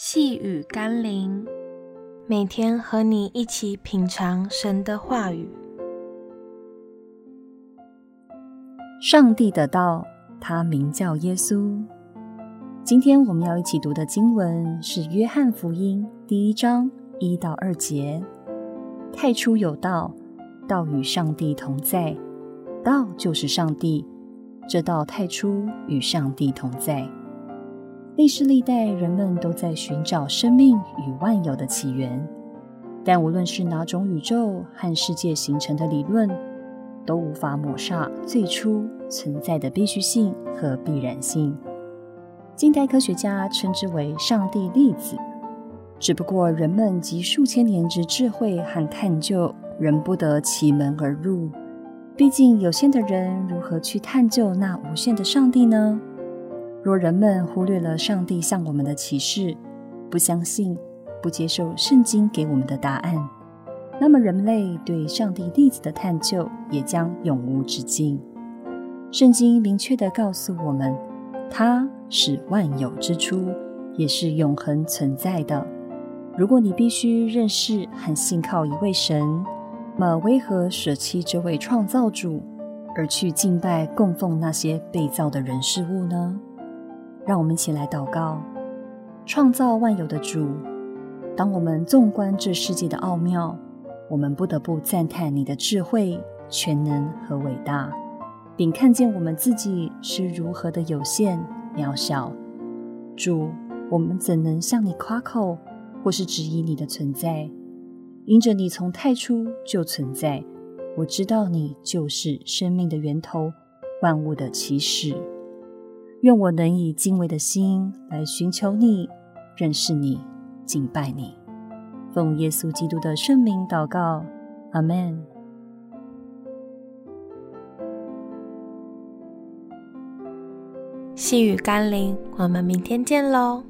細語甘霖，每天和你一起品嘗神的話語。上帝的道，祂名叫耶穌。今天我們要一起讀的經文是《約翰福音》第一章一到二節。太初有道，道與上帝同在，道就是上帝。這道太初與上帝同在。歷世歷代，人們都在尋找生命與萬有的起源，但無論是哪種宇宙和世界形成的理論，都無法抹煞最初存在的必須性和必然性。近代科學家稱之為“上帝粒子”，只不過人們集數千年之智慧和探究，仍不得其門而入。畢竟，有限的人如何去探究那無限的上帝呢？若人們忽略了上帝向我們的啟示，不相信、不接受聖經給我們的答案，那麼人類對上帝粒子的探究也將永無止境。聖經明確地告訴我們，他是萬有之初，也是永恆存在的。如果你必須認識和信靠一位神，那麼為何舍棄這位創造主，而去敬拜供奉那些被造的人事物呢？讓我們一起來禱告：創造萬有的主，當我們縱觀這世界的奧妙，我們不得不讚嘆你的智慧、全能和偉大，並看見我們自己是如何的有限、渺小。主，我們怎能向你誇口，或是質疑你的存在？因着你從太初就存在，我知道你就是生命的源頭，萬物的起始。願我能以敬畏的心來尋求你、認識你、敬拜你，奉耶穌基督的聖名禱告，阿們。細語甘霖，我們明天見嘍。